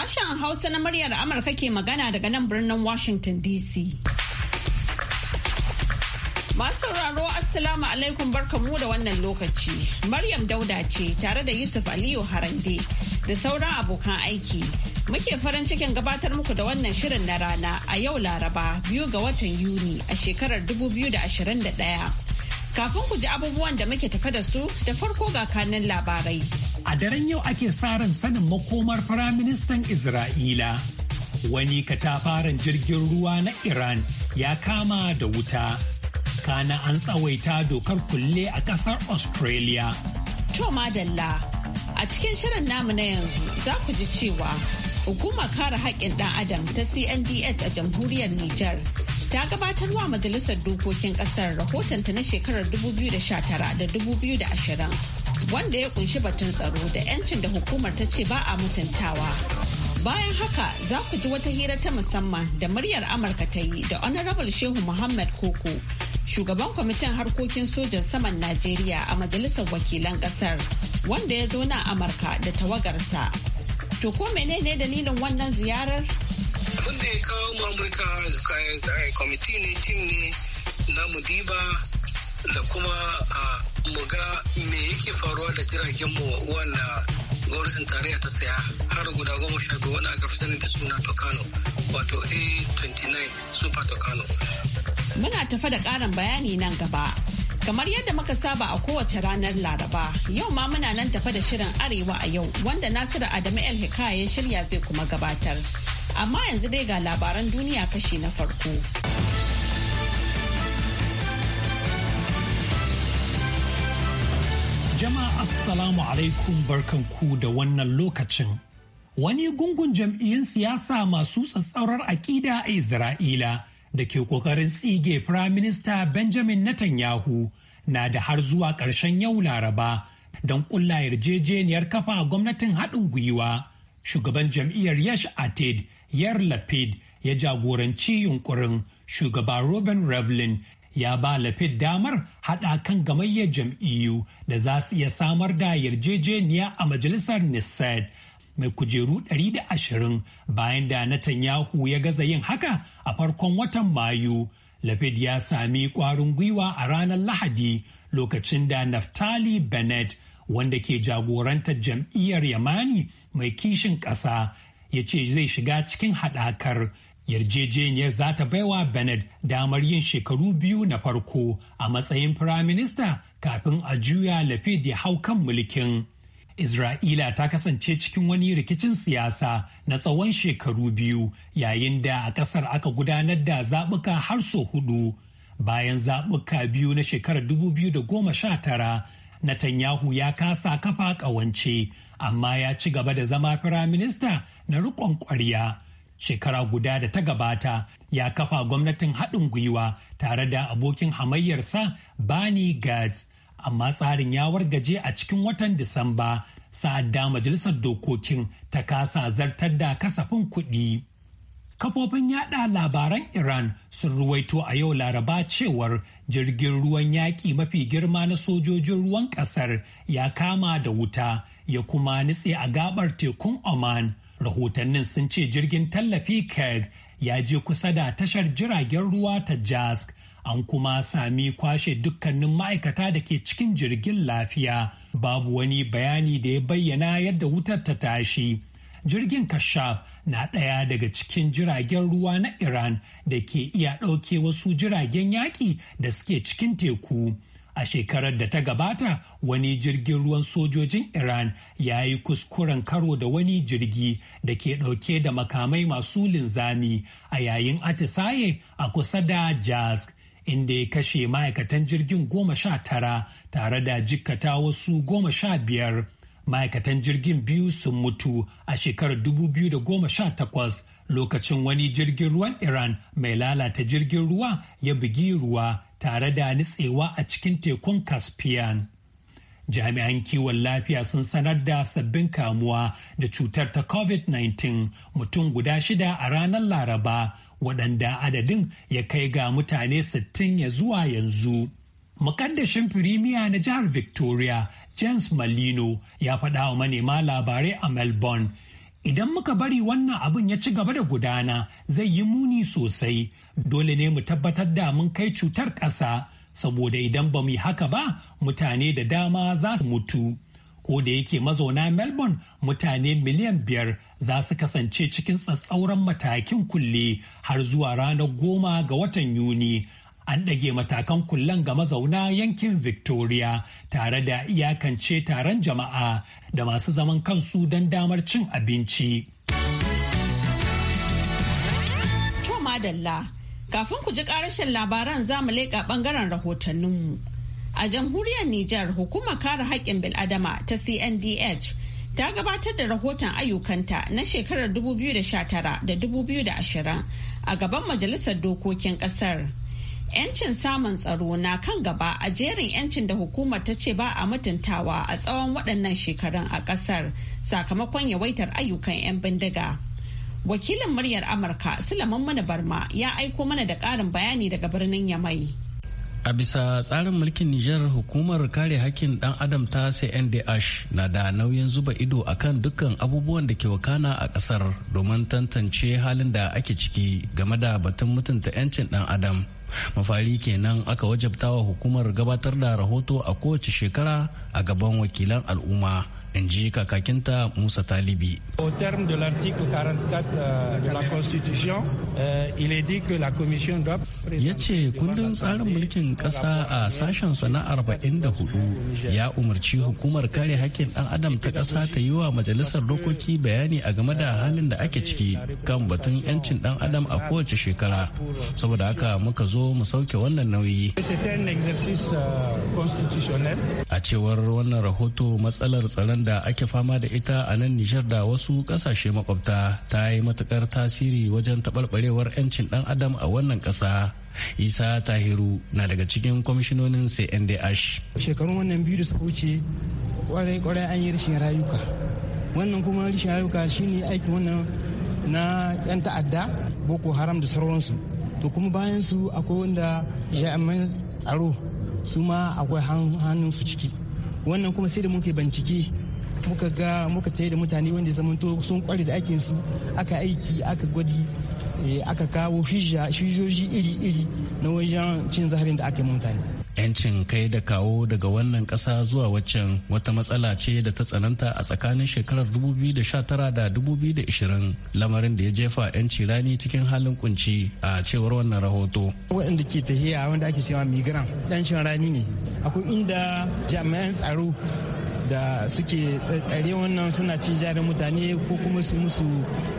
Sashen Hausa na muryar Amurka ke magana daga nan birnin Washington DC. Masu sauraro Assalamu alaikum barkamu da wannan lokaci. Maryam Dauda ce tare da Yusuf Aliyu Harande da sauran abokan aiki. Muke farin cikin gabatar muku da wannan shirin na rana a yau Laraba biyu ga watan Yuni a shekarar 2021. Kafin ku ji abubuwan da muke tafa da su da farko ga kanin labarai. A daren yau ake sa ran sanin makomar Firaministan Isra'ila. Wani katafaren jirgin ruwa na Iran ya kama da wuta. Kana an tsawaita dokar kulle a ƙasar Australia. To madalla, a cikin shirin namu na yanzu za ku ji cewa hukumar kare haƙƙin ɗan adam ta CNDH a jamhuriyar Nijar. ta gabatar wa majalisar dokokin ƙasar rahotonta na shekarar 2019 da 2020 wanda ya kunshi batun tsaro da 'yancin da hukumar ta ce ba a mutuntawa. Bayan haka za ku ji wata hira ta musamman da muryar Amurka ta yi da Honorable Shehu Muhammad Koko, shugaban kwamitin harkokin sojan saman Najeriya a Majalisar Wakilan Ƙasar, wanda ya zo na Amurka da tawagarsa. To ko menene dalilin wannan ziyarar? Abin da ya kawo mu Amurka eh, eh, kwamiti ne tim ne na Mudiba da kuma mu ga me yake faruwa da jiragen mu wanda gwamnatin tarayya ta saya har guda goma sha biyu wani aka fi sani da suna Tokano wato A29 Super Tokano. Muna tafa da ƙarin bayani nan gaba. Kamar yadda muka saba a kowace ranar Laraba, yau ma muna nan tafa da shirin Arewa a yau wanda Nasiru Adamu El Hikaya ya shirya zai kuma gabatar. Amma yanzu dai ga labaran duniya kashi na farko. Jama'a Assalamu alaikum barkanku da wannan lokacin. Wani gungun jam'iyyun siyasa masu tsatsaurar aƙida a Isra'ila da ke ƙoƙarin tsige Firaminista Benjamin Netanyahu na da har zuwa ƙarshen yau Laraba don ƙulla yarjejeniyar kafa gwamnatin haɗin gwiwa. Shugaban jam'iyyar Yash Atid, Yar Lapid, ya jagoranci yunkurin shugaba Robin Revlin ya ba lafid damar hada kan gamayyar jam'iyyu da za su iya samar da yarjejeniya a majalisar nisad mai kujeru 120 bayan da Netanyahu ya gaza yin haka a farkon watan mayu lafid ya sami kwarin gwiwa a ranar lahadi lokacin da naftali bennett wanda ke jagorantar jam'iyyar yamani mai kishin ƙasa ya ce zai shiga cikin haɗakar yarjejeniyar za ta baiwa Bennett damar yin shekaru biyu na farko a matsayin firaminista kafin a juya Lapid ya hau kan mulkin. Isra'ila ta kasance cikin wani rikicin siyasa na tsawon shekaru biyu yayin da a ƙasar aka gudanar da zaɓuka har so hudu. Bayan zaɓuka biyu na shekarar 2019, Netanyahu ya kasa kafa ƙawance, amma ya ci gaba da zama firaminista na riƙon ƙwarya. shekara guda da ta gabata ya kafa gwamnatin haɗin gwiwa tare da abokin hamayyarsa bani Gads, amma tsarin ya wargaje a cikin watan Disamba sa'ad da majalisar dokokin ta kasa zartar da kasafin kuɗi. Kafofin yada labaran Iran sun ruwaito a yau laraba cewar jirgin ruwan yaƙi mafi girma na sojojin ruwan ƙasar ya kama da wuta ya kuma nitse a gabar tekun Oman. rahotannin sun ce jirgin tallafi keg ya je kusa da tashar jiragen ruwa ta jask an kuma sami kwashe dukkanin ma'aikata da ke cikin jirgin lafiya babu wani bayani da ya bayyana yadda wutar ta tashi jirgin kashaf na ɗaya daga cikin jiragen ruwa na iran da ke iya ɗauke wasu jiragen yaƙi da suke cikin teku a shekarar da ta gabata wani jirgin ruwan sojojin iran ya yi kuskuren karo da wani jirgi da ke ɗauke da makamai masu linzami a yayin atisaye a kusa da jask inda ya kashe ma'aikatan jirgin goma sha tara tare da jikkata wasu goma sha biyar ma'aikatan jirgin biyu sun mutu a shekarar dubu biyu da goma sha takwas. lokacin wani jirgin ruwan iran mai lalata jirgin ruwa ya bugi ruwa tare da nitsewa a cikin tekun caspian jami'an kiwon lafiya sun sanar da sabbin kamuwa da cutar ta covid-19 mutum guda shida a ranar laraba waɗanda adadin ya kai ga mutane 60 ya zuwa yanzu mukaddashin firimiya na jihar victoria james malino ya faɗa wa manema labarai a melbourne Idan muka bari wannan abin ya ci gaba da gudana zai yi muni sosai, dole ne mu tabbatar da mun kai cutar ƙasa, saboda idan ba mu yi haka ba mutane da dama za su mutu. Ko da yake mazauna Melbourne mutane miliyan biyar za su kasance cikin tsatsauran matakin kulle har zuwa ranar goma ga watan Yuni an ɗage matakan kullan ga mazauna yankin victoria tare da iyakance taron jama'a da masu zaman kansu don damar cin abinci madalla kafin ku ji karashin labaran za mu leƙa ɓangaren rahotanninmu a jamhuriyar nijar hukumar kare haƙƙin bil'adama ta cndh ta gabatar da rahoton ayyukanta na shekarar 2019 da 2020 a gaban majalisar dokokin ƙasar. 'Yancin samun tsaro na kan gaba a jerin 'yancin da hukumar ta ce ba a mutuntawa a tsawon waɗannan shekarun a ƙasar sakamakon yawaitar ayyukan 'yan bindiga. Wakilin muryar Amurka Sulaiman Mana Barma ya aiko mana da ƙarin bayani daga birnin Yamai. A bisa tsarin mulkin Nijar hukumar kare hakkin ɗan adam ta CNDH na da nauyin zuba ido akan dukkan abubuwan da ke wakana a ƙasar domin tantance halin da ake ciki game da batun mutunta 'yancin ɗan adam. mafari kenan aka wajabta wa hukumar gabatar da rahoto a kowace shekara a gaban wakilan al'umma in ji kakakinta musa talibi Au terme de l'article 44 euh, de la Constitution, euh, il est dit que la Commission doit Ya ce kundin tsarin mulkin kasa a sashen sana 44 ya umarci hukumar kare hakkin ɗan adam ta ƙasa ta yi wa majalisar dokoki bayani a game da halin da ake ciki kan batun 'yancin ɗan adam a kowace shekara. Saboda haka muka zo mu sauke wannan nauyi. Euh, a cewar wannan rahoto matsalar tsaron da ake fama da ita a nan Nijar da wasu wasu kasashe makwabta ta yi matukar tasiri wajen taɓarɓarewar 'yancin dan adam a wannan kasa isa tahiru na daga cikin kwamishinonin cndh shekarun wannan biyu da suka wuce kwarai-kwarai an yi rashin rayuka wannan kuma rashin rayuka shine aikin wannan na 'yan ta'adda boko haram da sauransu to kuma bayan su akwai wanda jami'an tsaro su ma akwai hannun su ciki wannan kuma sai da muke bincike muka ga muka tayi da mutane wanda zaman to sun kware da aikin su aka aiki aka gwadi eh, aka kawo shijoji iri-iri na wajen cin zaharin da aka yi mutane yancin kai da kawo daga wannan kasa zuwa waccan wata matsala ce da ta tsananta a tsakanin shekarar 2019 da 2020 lamarin da ya jefa 'yanci rani cikin halin kunci a cewar wannan rahoto waɗanda ke tahiya wanda ake cewa migran ɗancin rani ne akwai inda jami'an tsaro da suke tsare wannan suna ci jarin mutane ko kuma su musu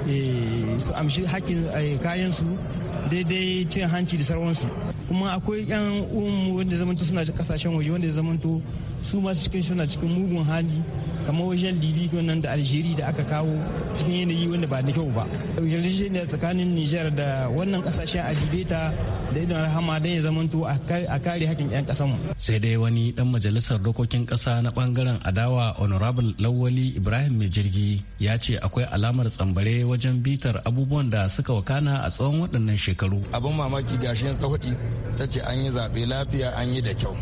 eh, su amshi hakkin eh, kayan su daidai cin hanci da sarwansu kuma akwai yan uwanmu wanda zamanto suna kasashen waje wanda zamanto su masu cikin suna cikin mugun hali kamar wajen libi nan da algeria da aka kawo cikin yanayi wanda ba da kyau ba yarjejeniya tsakanin niger da wannan kasashen a ta da idon rahama don ya zamanto a kare hakkin 'yan kasanmu sai dai wani dan majalisar dokokin kasa na bangaren adawa honorable lawali ibrahim mai jirgi ya ce akwai alamar tsambare wajen bitar abubuwan da suka wakana a tsawon waɗannan shekaru abin mamaki gashi yan ta ce an yi zaɓe lafiya an yi da kyau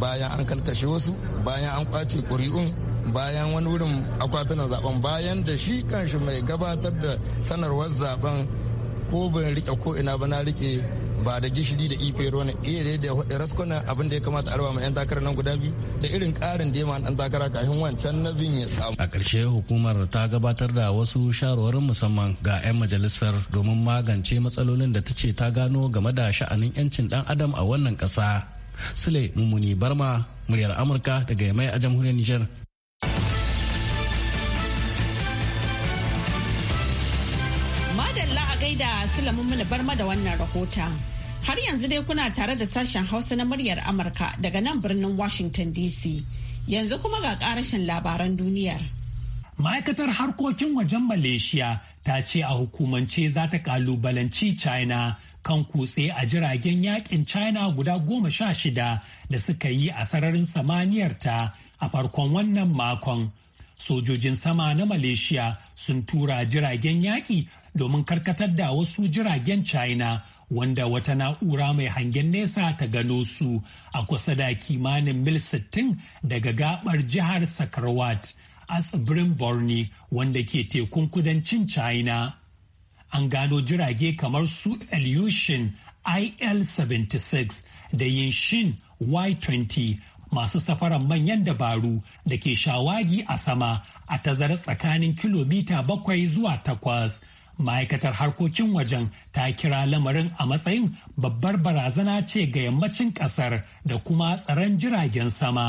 bayan an kalkashe wasu bayan an kwace ƙuri'un bayan wani wurin akwatunan zaben bayan da shi kanshi mai gabatar da sanarwar zaben ko ban rike ko ina ba na rike ba da gishiri da ife ruwan eh, iya da hudu raskuna abin da ya kamata arba ma 'yan takarar nan guda biyu da irin karin da dan takara kafin wancan na bin ya samu. A ƙarshe hukumar ta gabatar da wasu shawarwarin musamman ga 'yan majalisar domin magance matsalolin da ta ce ta gano game da sha'anin 'yancin dan adam a wannan kasa Sule Mummuni Barma, muryar Amurka daga Yamai a jamhuriyar Nijar. gaida Sulamun mana Barma da wannan rahota Har yanzu dai kuna tare da sashen Hausa na muryar Amurka daga nan birnin Washington DC. Yanzu kuma ga karashin labaran duniyar. Ma'aikatar harkokin wajen Malaysia ta ce a hukumance za ta kalubalanci China kan kutse a jiragen yakin China guda goma sha shida da suka yi a sararin samaniyar ta a farkon wannan makon. Sojojin sama na Malaysia sun tura jiragen yaƙi domin karkatar da wasu jiragen china wanda wata na'ura mai hangen nesa ta gano su a kusa da kimanin mil 60 daga gabar jihar sakarwat a tsibirin borni wanda ke tekun kudancin china an gano jirage kamar su illusion il-76 da yinshin y-20 masu safaran manyan dabaru da ke shawagi a sama a tazara tsakanin kilomita bakwai zuwa takwas ma'aikatar harkokin wajen ta kira lamarin a matsayin babbar barazana ce ga yammacin kasar da kuma tsaron jiragen sama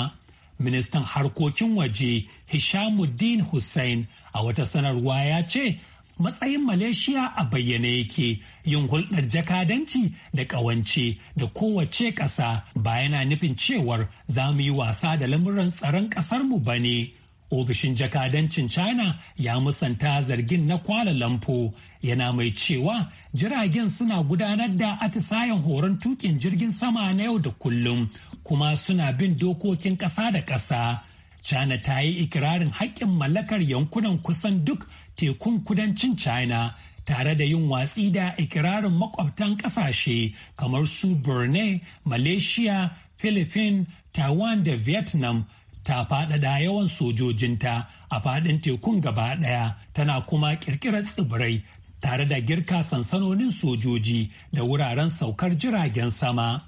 ministan harkokin waje hishamuddin Hussain a wata sanarwa ya ce matsayin malaysia a bayyane yake yin hulɗar jakadanci da ƙawance da kowace ƙasa ba yana nufin cewar za mu yi wasa da lamuran tsaron ƙasarmu ba ne. ofishin jakadancin china ya musanta zargin na kwala lampo yana mai cewa jiragen suna gudanar da atisayen horon tukin jirgin sama na yau da kullum kuma suna bin dokokin ƙasa da ƙasa china ta yi ikirarin haƙƙin mallakar yankunan kusan duk tekun kudancin china tare da yin watsi da ikirarin makwabtan ƙasashe kamar su brunei malaysia philippines taiwan da vietnam ta faɗaɗa yawan sojojinta a faɗin tekun gaba ɗaya tana kuma ƙirƙirar tsibirai tare da girka sansanonin sojoji da wuraren saukar jiragen sama.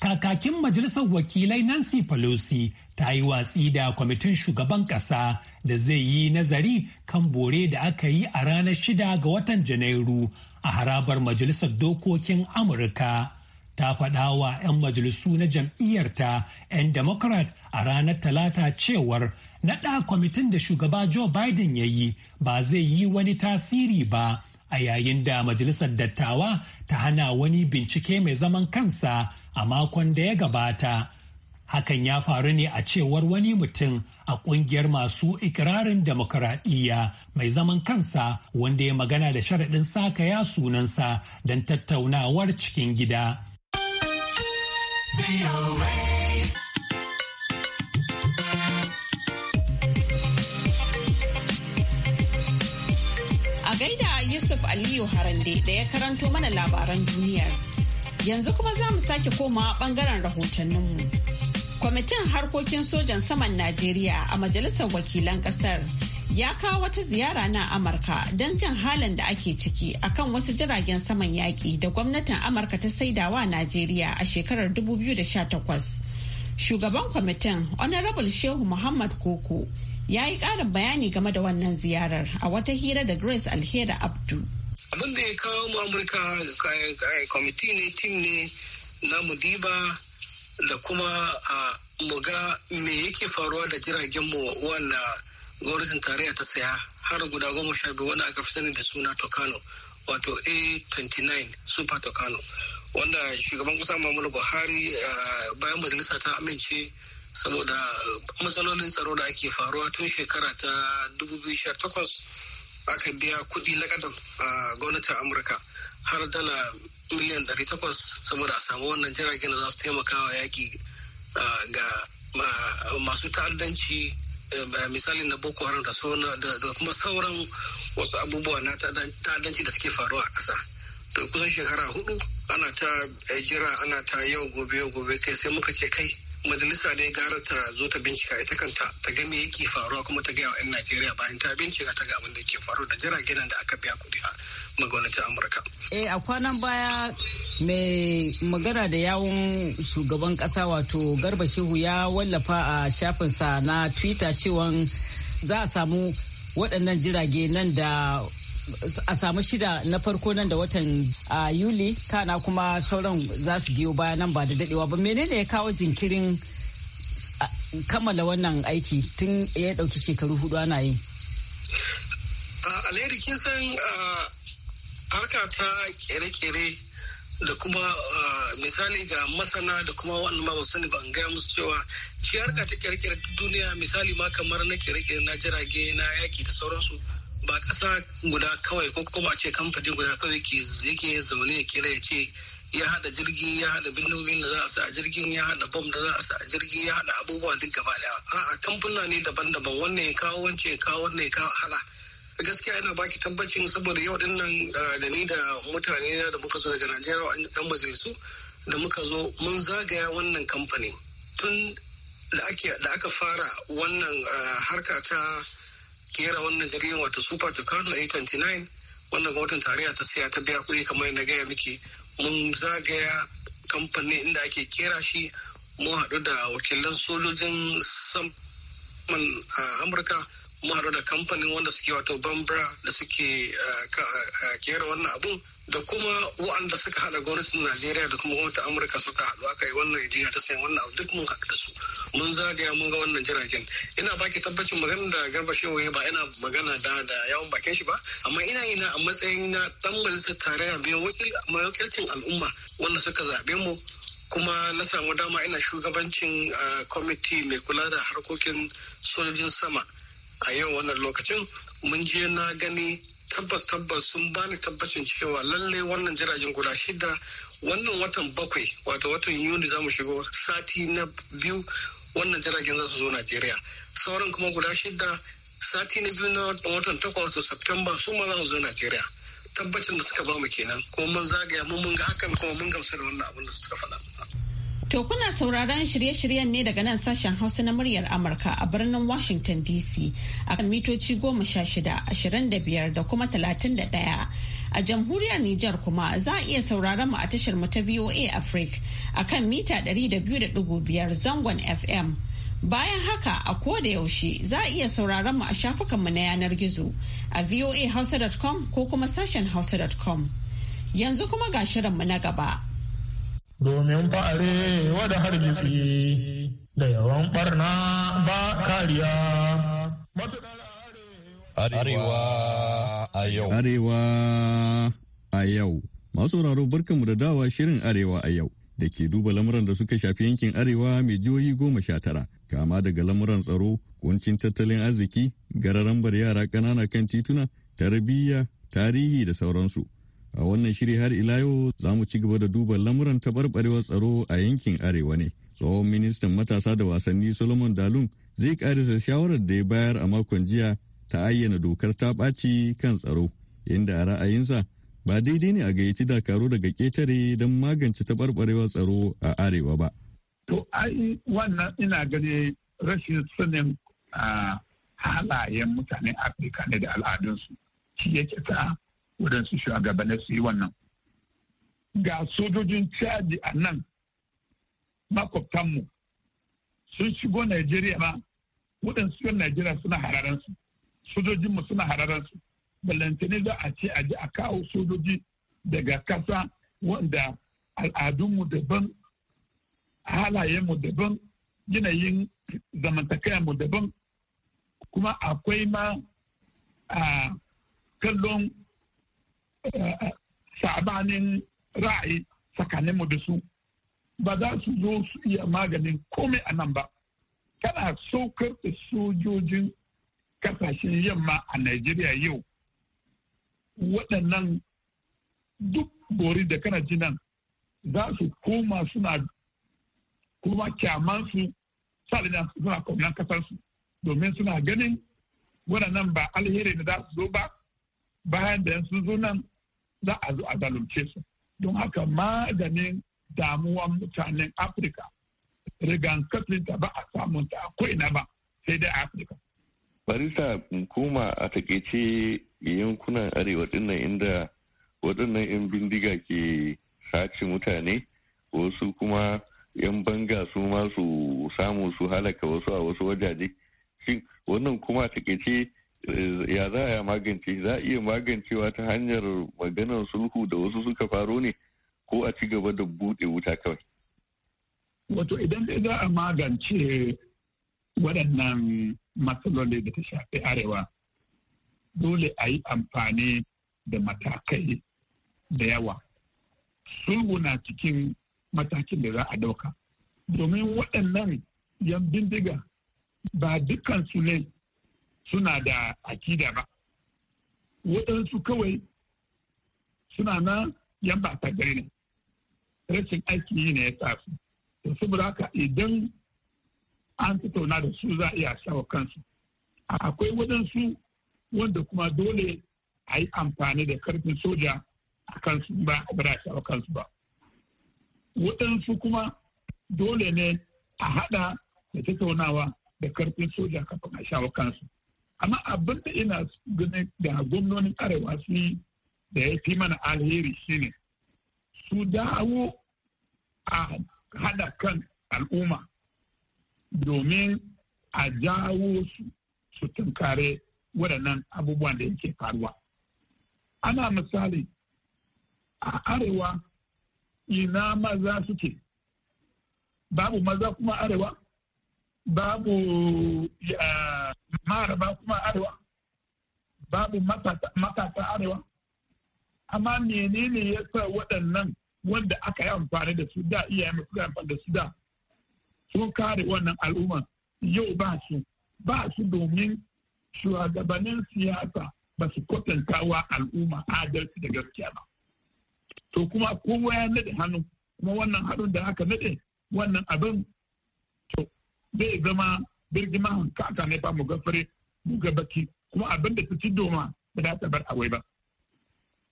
Kakakin Majalisar Wakilai Nancy Pelosi ta yi watsi da kwamitin shugaban ƙasa da zai yi nazari kan bore da aka yi a ranar shida ga watan Janairu a harabar Majalisar Dokokin Amurka. ta faɗa wa 'yan majalisu na jam'iyyarta 'yan democrat a ranar talata cewar naɗa kwamitin da shugaba joe biden ya yi ba zai yi wani tasiri ba a yayin da majalisar dattawa ta hana wani bincike mai zaman kansa a makon da ya gabata hakan ya faru ne a cewar wani mutum a kungiyar masu ikirarin demokuraɗiyya mai zaman kansa wanda ya magana da sharaɗin saka ya sunansa don tattaunawar cikin gida. A gaida Yusuf Aliyu Harande da ya karanto mana labaran duniyar. Yanzu kuma za mu sake koma bangaren rahotanninmu. Kwamitin harkokin sojan saman Najeriya a Majalisar Wakilan Kasar ya kawo wata ziyara na amurka don jin halin da ake ciki akan wasu jiragen saman yaƙi da gwamnatin amurka ta saidawa najeriya a shekarar 2018 shugaban kwamitin honorable shehu muhammad koko ya yi ƙarin bayani game da wannan ziyarar a wata hira da grace alhera abdu abin da ya kawo mu amurka eh, eh, kwamiti ne tim ne na mudiba da kuma ah, mu ga me yake faruwa da jiragen mu wanda gwamnatin tarayya ta saya har guda goma sha biyu wanda aka fi sani da suna tokano wato a29 super tokano wanda shugaban kusa mamuru buhari bayan majalisa ta amince saboda matsalolin tsaro da ake faruwa tun shekara ta 2018 aka biya kuɗi na kadan a gwamnatin amurka har dala miliyan 800 saboda a samu wannan jiragen da za su taimaka wa yaƙi ga masu ta'addanci misali na boko haram da da kuma sauran wasu abubuwa na ta'addanci da suke faruwa a ƙasa to kusan shekara hudu ana ta eh, jira ana ta yau gobe yau gobe kai sai muka ce kai majalisa dai gara ta zo ta bincika ita kanta ta ga me yake faruwa kuma ta gaya wa 'yan najeriya bayan ta bincika ta ga abin da ke faruwa da jiragen da aka biya kuɗi a magwamnatin amurka eh a kwanan baya mai magana da yawun shugaban kasa wato garba shehu ya wallafa a shafinsa na twitter cewa za a samu waɗannan jirage nan da a samu shida na farko nan da watan yuli kana kuma sauran za su biyo baya nan ba da dadewa ba menene ya kawo jinkirin kammala wannan aiki tun ya dauki shekaru hudu ana yi alheri kin san harka ta kere-kere da kuma ah, misali ga masana da kuma wannan ma ba sani ba an gaya musu cewa shi harka ta kirkira duniya misali ma kamar na kirkira na jirage na yaki da sauransu ba kasa guda kawai ko kuma a ce kamfani guda kawai yake zaune ya kira ya ce ya hada jirgi ya hada bindigogin da za a sa a jirgin ya hada bom da za a sa a jirgi ya hada abubuwa duk gaba daya a'a kamfuna ne daban-daban wannan ya kawo wancan ya kawo wannan ya kawo hala gaskiya ina baki tabbacin saboda yau din nan eh, da ni da mutane na da muka zo daga najeriya yan majalisu da muka zo mun zagaya wannan kamfani tun da aka fara wannan eh, harka ta kera wannan jirgin wata super tucano 829 wannan watan tarayya ta siya ta biya kuɗi kamar na gaya miki mun zagaya kamfani inda ake kera shi mun haɗu da wakilan sojojin saman eh, amurka mu da kamfanin wanda suke wato bambara da suke eh, eh, eh, kera wannan abun da kuma waɗanda suka haɗa gwamnatin najeriya da kuma wata amurka suka haɗu aka yi wannan yarjejeniya ta sayan wannan abu duk mun haɗu da su mun zagaya mun ga wannan jiragen ina baki tabbacin magana da garba shehu ba ina magana da da yawon bakin shi ba amma ina yi na a matsayin na dan majalisar tarayya biyan wakilcin al'umma wanda suka zaɓe mu kuma na samu dama ina shugabancin kwamiti mai kula da harkokin sojojin sama a yau wannan lokacin mun je na gani tabbas tabbas sun bani tabbacin cewa lalle wannan jiragen guda shida wannan watan bakwai wato watan yuni za mu shigo sati na biyu wannan jiragen za su zo najeriya sauran kuma guda shida sati na biyu na watan takwas da septemba su ma za su zo najeriya tabbacin da suka bamu kenan kuma mun zagaya mun mun ga hakan kuma mun gamsu da wannan abin da suka faɗa To kuna sauraron shirye-shiryen ne daga nan sashen Hausa na muryar Amurka a birnin Washington DC a kan mitoci goma sha shida, ashirin da biyar da kuma talatin da ɗaya. A jamhuriyar Nijar kuma za a iya sauraron mu a tashar mu ta VOA Africa a kan mita ɗari da biyu da ɗigo biyar zangon FM. Bayan haka a koda yaushe za a iya sauraron mu a shafukan mu na yanar gizo a voahausa.com ko kuma sashen hausa.com. Yanzu kuma ga shirinmu na gaba. domin fa'are wada hargitsi da yawan barna ba kariya. Arewa a yau. Arewa a yau. Masu sauraro barkanmu da dawa shirin Arewa a yau da ke duba lamuran da suka shafi yankin Arewa mai jihohi goma sha tara. Kama daga lamuran tsaro, kuncin tattalin arziki, gararambar yara ƙanana kan tituna, tarbiyya, tarihi da sauransu. A wannan shiri har ila yau za mu ci gaba da duba lamuran taɓarɓarewar tsaro a yankin Arewa ne. Tsohon ministan matasa da wasanni Solomon Dalun zai karisa shawarar da ya bayar a makon jiya ta ayyana dokar ta ɓaci kan tsaro, inda a ra'ayinsa ba daidai ne a gayyaci dakaru daga ketare don magance taɓarɓarewar tsaro a Arewa ba. To, ai wannan ina gani rashin sanin a ah, halayen mutanen Afirka ne da al'adunsu. Shi yake ta waɗansu shugabannin su yi wannan ga sojojin caji a nan makwabtanmu sun shigo Najeriya ma waɗansu yan Najeriya suna hararansu sojojinmu suna hararansu Balantane za a ce a ji a kawo sojoji daga kasa wanda al'adunmu daban halayenmu daban yanayin mu daban kuma akwai ma a kallon sabanin ra'ayi tsakaninmu da su ba za su zo su iya maganin komai a nan ba kana saukar da sojojin kasashen yamma a Najeriya yau waɗannan duk bori da kana ji nan za su koma suna kuma su salina suna kwamnan kasarsu domin suna ganin waɗannan ba alheri da za su zo ba bayan da sun zo nan za a zo a zalunce su don haka maganin damuwan mutanen afirka rigan ta ba a samun ta akwai na ba sai dai afirka barista kuma a takaice yankunan arewa dinnan inda waɗannan 'yan bindiga ke sace mutane wasu kuma 'yan banga su ma su samu su halaka wasu a wasu wajaje shin wannan kuma a takaice ya za a magance za a iya magancewa ta hanyar maganar sulhu da wasu suka faro ne ko a ci gaba da buɗe wuta kawai wato idan dai za a magance waɗannan matsaloli da ta shafi arewa dole a yi amfani da matakai da yawa sulhu na cikin matakin da za a ɗauka domin waɗannan yan bindiga ba dukansu ne suna da akida ba waɗansu kawai suna nan yan ba gari ne rashin aiki yi ne ya tafi to saboda haka idan an tattauna da su za a iya shawo kansu akwai waɗansu wanda kuma dole a yi amfani da karfin soja a kansu ba a bada shawo kansu ba waɗansu kuma dole ne a haɗa da tattaunawa da karfin soja kafin a shawo kansu amma abin da ina gani da gwamnonin arewa su da ya fi mana alheri shine su dawo a hada kan al'umma domin a jawo su su tunkare waɗannan abubuwan da yake faruwa ana misali a arewa ina maza suke babu maza kuma arewa babu maraba kuma arewa babu matasa arewa amma menene ya sa waɗannan wanda aka yi amfani da su da iyaye masu amfani da su da sun kare wannan al'umma yau ba su ba su domin shugabannin siyasa ba su kwatanta wa al'umma adalci da gaskiya ba to kuma kowa ya nade hannu kuma wannan hannun da aka nade wannan abin to zai zama birgi mahun ta ne ba mu ga fure mu ga baki kuma abin da ta ci doma ba za ta bar awai ba.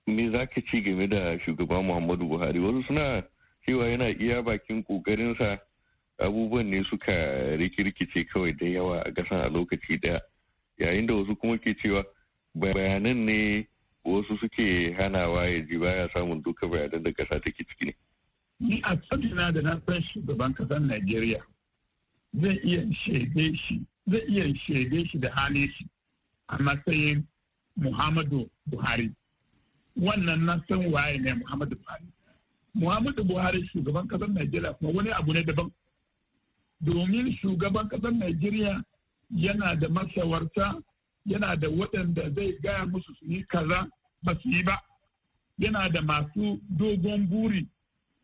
Me za ka ci game da shugaba Muhammadu Buhari wasu suna cewa yana iya bakin kokarin sa abubuwan ne suka rikirkice kawai da yawa a kasan a lokaci daya yayin da wasu kuma ke cewa bayanan ne wasu suke hanawa ya ji baya samun duka bayanan da kasa take ciki ne. Ni a tsanina da na san shugaban kasar Najeriya zai iya shaide shi zai iya shaide shi da halin shi a matsayin Muhammadu Buhari. Wannan na san waye ne Muhammadu Buhari. Muhammadu Buhari shugaban kasar Najeriya kuma wani abu ne daban. Domin shugaban kasar Najeriya yana da masawarta yana da waɗanda zai gaya musu su yi kaza ba su yi ba. Yana da masu dogon buri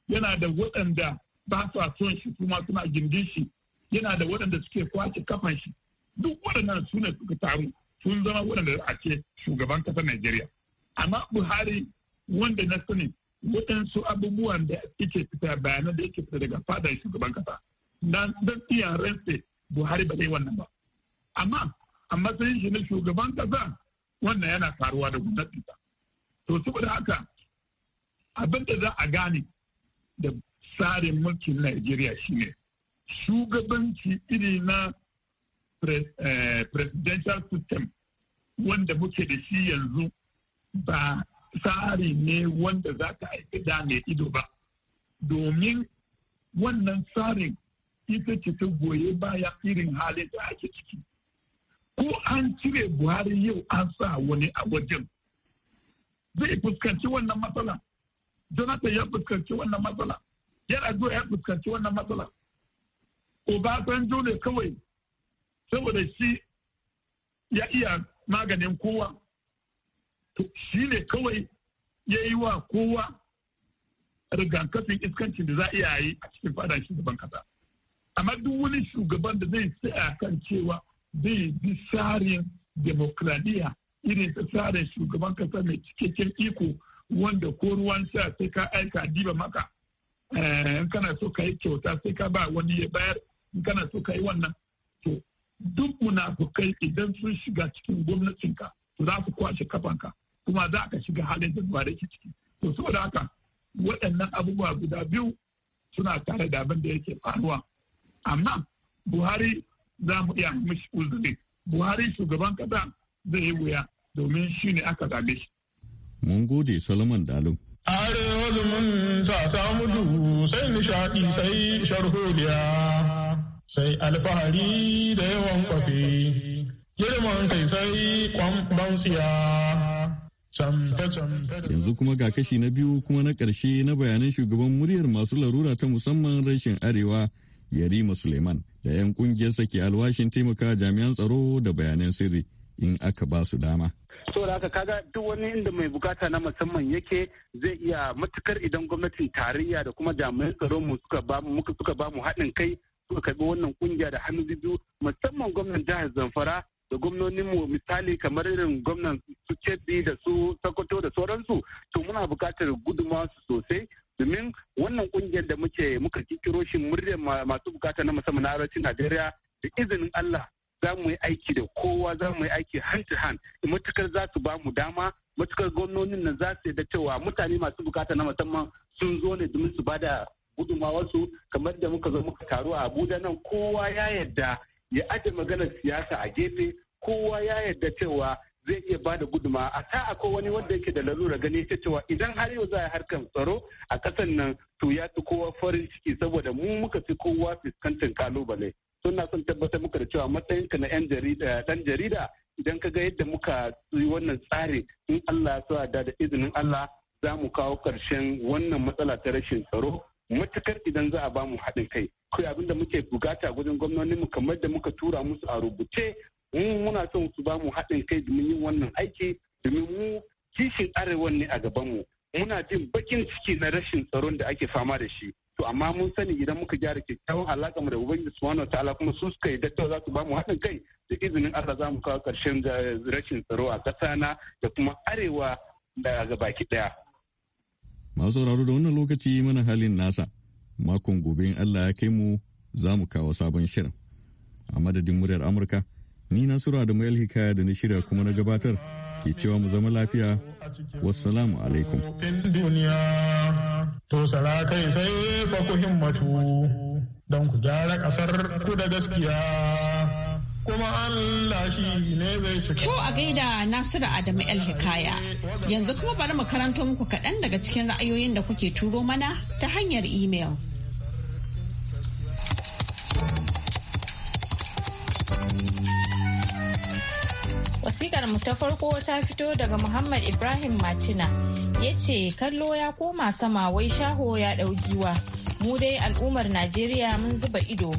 yana da waɗanda ba sa son shi kuma suna gindin shi yana da waɗanda suke kwace kafan shi duk waɗannan su ne suka taru sun zama waɗanda a ce shugaban ƙasar Najeriya. Amma Buhari wanda na sani waɗansu abubuwan da yake fita bayanan da yake fita daga fadar shugaban ƙasa. Na zan iya rantse Buhari ba zai wannan ba. Amma a matsayin shi na shugaban ƙasa wannan yana faruwa da ba To saboda haka abin da za a gane da tsarin mulkin Najeriya shine shugabanci iri na eh, presidential system wanda muke da shi yanzu ba tsari ne wanda za ta aiki da mai ido ba domin wannan tsarin ita ce ta goye baya irin hali da ake ciki ko an cire buhari yau an sa wani a wajen zai fuskanci wannan matsala jonathan ya fuskanci wannan matsala yana ya fuskanci wannan matsala Obasanjo ne kawai saboda shi ya iya maganin kowa. Shi ne kawai ya yi wa kowa rigakafin iskancin da za a iya yi a cikin fadar shugaban kasa. Amma duk wani shugaban da zai tsaya kan cewa zai bi tsarin demokradiyya irin ta tsarin shugaban kasa mai cikakken iko wanda ko ruwan sha sai ka aika diba maka eh, in kana so ka yi kyauta sai ka ba wani ya bayar in kana so ka yi wannan to duk munafukai idan sun shiga cikin gwamnatinka to za su kwashe kafanka kuma za ka shiga halin da zuwa da ciki to saboda haka waɗannan abubuwa guda biyu suna tare da abin da yake faruwa amma buhari za mu iya mishi uzuri buhari shugaban kasa zai yi wuya domin shi ne aka zabe shi mun gode solomon dalo arewa zumun sa samu sai nishaɗi sai sharholiya sai alfahari da yawan kwafi girman kai sai kwamban yanzu kuma ga kashi na biyu kuma na ƙarshe na bayanan shugaban muryar masu larura ta musamman rashin arewa yarima suleiman da 'yan ƙungiyarsa ke alwashin taimaka jami'an tsaro da bayanan sirri in aka ba su dama da haka kaga duk wani inda mai bukata na musamman yake zai iya matukar idan gwamnatin tarayya da kuma jami'an tsaro mu suka ba mu haɗin kai suka karbi wannan kungiya da hannu biyu musamman gwamnan jihar zamfara da mu misali kamar irin gwamnan su cebbi da su sokoto da sauransu to muna buƙatar gudunmawa su sosai domin wannan kungiyar da muke muka kikiro shi muryar masu bukata na musamman na arewacin najeriya da izinin allah za mu yi aiki da kowa za mu yi aiki hand to hand matukar za su ba mu dama matukar gwamnonin nan za su da cewa mutane masu bukata na musamman sun zo ne domin su ba da. gudunmawarsu kamar da muka zo muka taru a abuja nan kowa ya yadda ya aje maganar siyasa a gefe kowa ya yadda cewa zai iya bada guduma a ta akwai wani wanda yake da lalura gani ta cewa idan har yau za a harkar tsaro a kasan nan to ya fi kowa farin ciki saboda mu muka fi kowa fuskantar kalubale suna son tabbatar muka da cewa matsayinka na yan jarida dan jarida idan ka ga yadda muka yi wannan tsari in Allah ya sa da izinin Allah za mu kawo ƙarshen wannan matsala ta rashin tsaro matukar idan za a bamu haɗin kai kai abinda muke bukata wajen gwamnoninmu kamar da muka tura musu a rubuce mu muna son su bamu haɗin kai domin yin wannan aiki domin mu kishin arewa ne a gabanmu muna jin bakin ciki na rashin tsaron da ake fama da shi to amma mun sani idan muka gyara kyakkyawan alaƙa mu da ubangiji subhanahu ala kuma su suka yi dattawa za su bamu haɗin kai da izinin Allah za mu kawo ƙarshen eh, rashin tsaro a ƙasa na da kuma arewa da baki ɗaya Masu sauraro da wannan lokaci mana halin nasa. Makon gobe in Allah ya kai mu za mu kawo sabon shirin. A madadin muryar Amurka, ni na sura da mayal hikaya da na shirya kuma na gabatar ke cewa mu zama lafiya. Wassalamu alaikum. To sarakai sai fa ku himmatu don ku gyara ƙasar ku da gaskiya. kuma Allah shi ne zai cika. To a gaida Nasiru Adamu El Hikaya. Yanzu kuma bari mu karanto muku kaɗan daga cikin ra'ayoyin da kuke turo mana ta hanyar imel. Wasikar mu ta farko ta fito daga Muhammad Ibrahim Macina ya ce kallo ya koma sama wai shaho ya ɗaugiwa. Mu dai al'ummar Najeriya mun zuba ido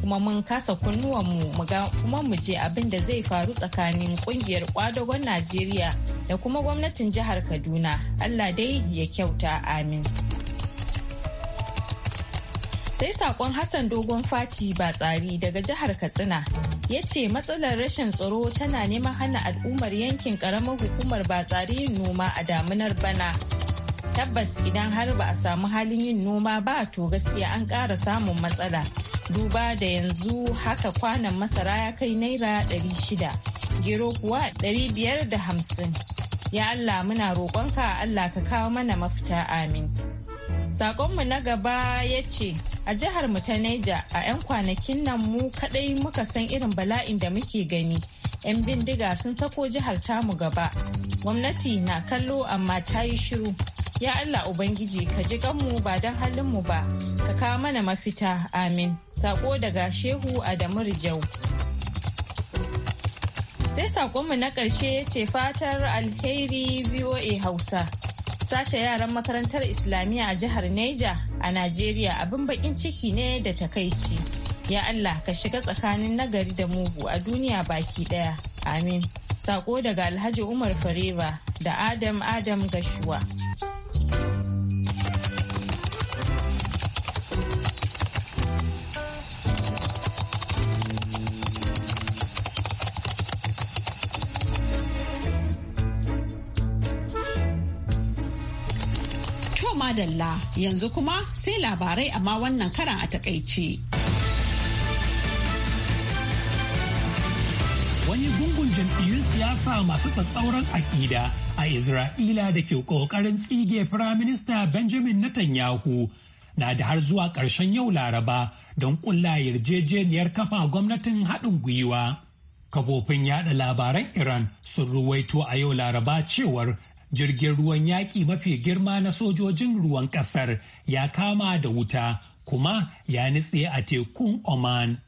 kuma mun kasa kunnuwan mu ga kuma mu je abin da zai faru tsakanin kungiyar kwadagon Najeriya da kuma gwamnatin jihar Kaduna. Allah dai ya kyauta amin. Sai sakon Hassan Dogon Faci ba tsari daga jihar Katsina ya ce matsalar rashin tsaro tana neman hana al'ummar yankin karamar hukumar ba tsari yin noma a damunar bana. tabbas idan har ba a samu halin yin noma ba to gaskiya an ƙara samun matsala duba da yanzu haka kwanan masara ya kai naira 600 gero kuwa 550 ya allah muna roƙonka allah ka kawo mana mafita amin Sakonmu na gaba ya ce, A jihar mu ta Neja a 'yan kwanakin nan mu kadai muka san irin bala'in da muke gani. 'Yan bindiga sun sako jihar tamu gaba. Gwamnati na kallo amma ta yi shiru. Ya Allah Ubangiji ka ji kanmu ba don halinmu ba, ka kawo mana mafita amin. Sako daga Shehu Adamu Rijau. Sai sakonmu na ƙarshe ya ce fatar alheri VOA Hausa. Sace yaran makarantar Islamiyya a jihar Neja a Najeriya abin bakin ciki ne da takaici. Ya Allah ka shiga tsakanin nagari da mugu a duniya baki ɗaya Amin. Sako daga Alhaji Umar Fareba da Adam Adam gashua. madalla yanzu kuma sai labarai amma wannan karan a takaice. Wani gungun jam'iyyun siyasa masu tsatsauran akida a Isra'ila da ke kokarin tsige Firaminista Benjamin Netanyahu na da har zuwa ƙarshen yau Laraba don ƙulla yarjejeniyar kafa gwamnatin haɗin gwiwa. Kafofin yada labaran Iran sun ruwaito a yau Laraba cewar jirgin ruwan yaƙi mafi girma na sojojin ruwan ƙasar ya kama da wuta kuma ya nitse a tekun Oman.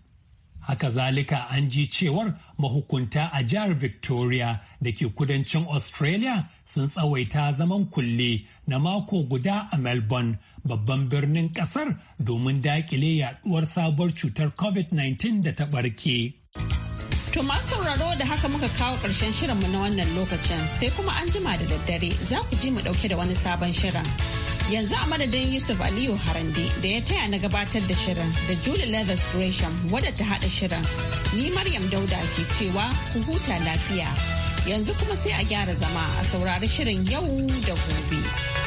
Haka zalika an ji cewar mahukunta a jihar Victoria da ke kudancin Australia sun tsawaita zaman kulle na mako guda a Melbourne babban birnin kasar domin daƙile yaduwar sabuwar cutar COVID-19 da ta ɓarke. To masu sauraro da haka muka kawo ƙarshen shirinmu na wannan lokacin sai kuma an jima da daddare za ku ji mu ɗauke da wani sabon shirin. Yanzu a madadin Yusuf Aliyu Harande da ya taya na gabatar da shirin da Juli Leathers Gresham wadda ta haɗa shirin. Ni Maryam Dauda ke cewa ku huta lafiya. Yanzu kuma sai a gyara zama a saurari shirin yau da gobe.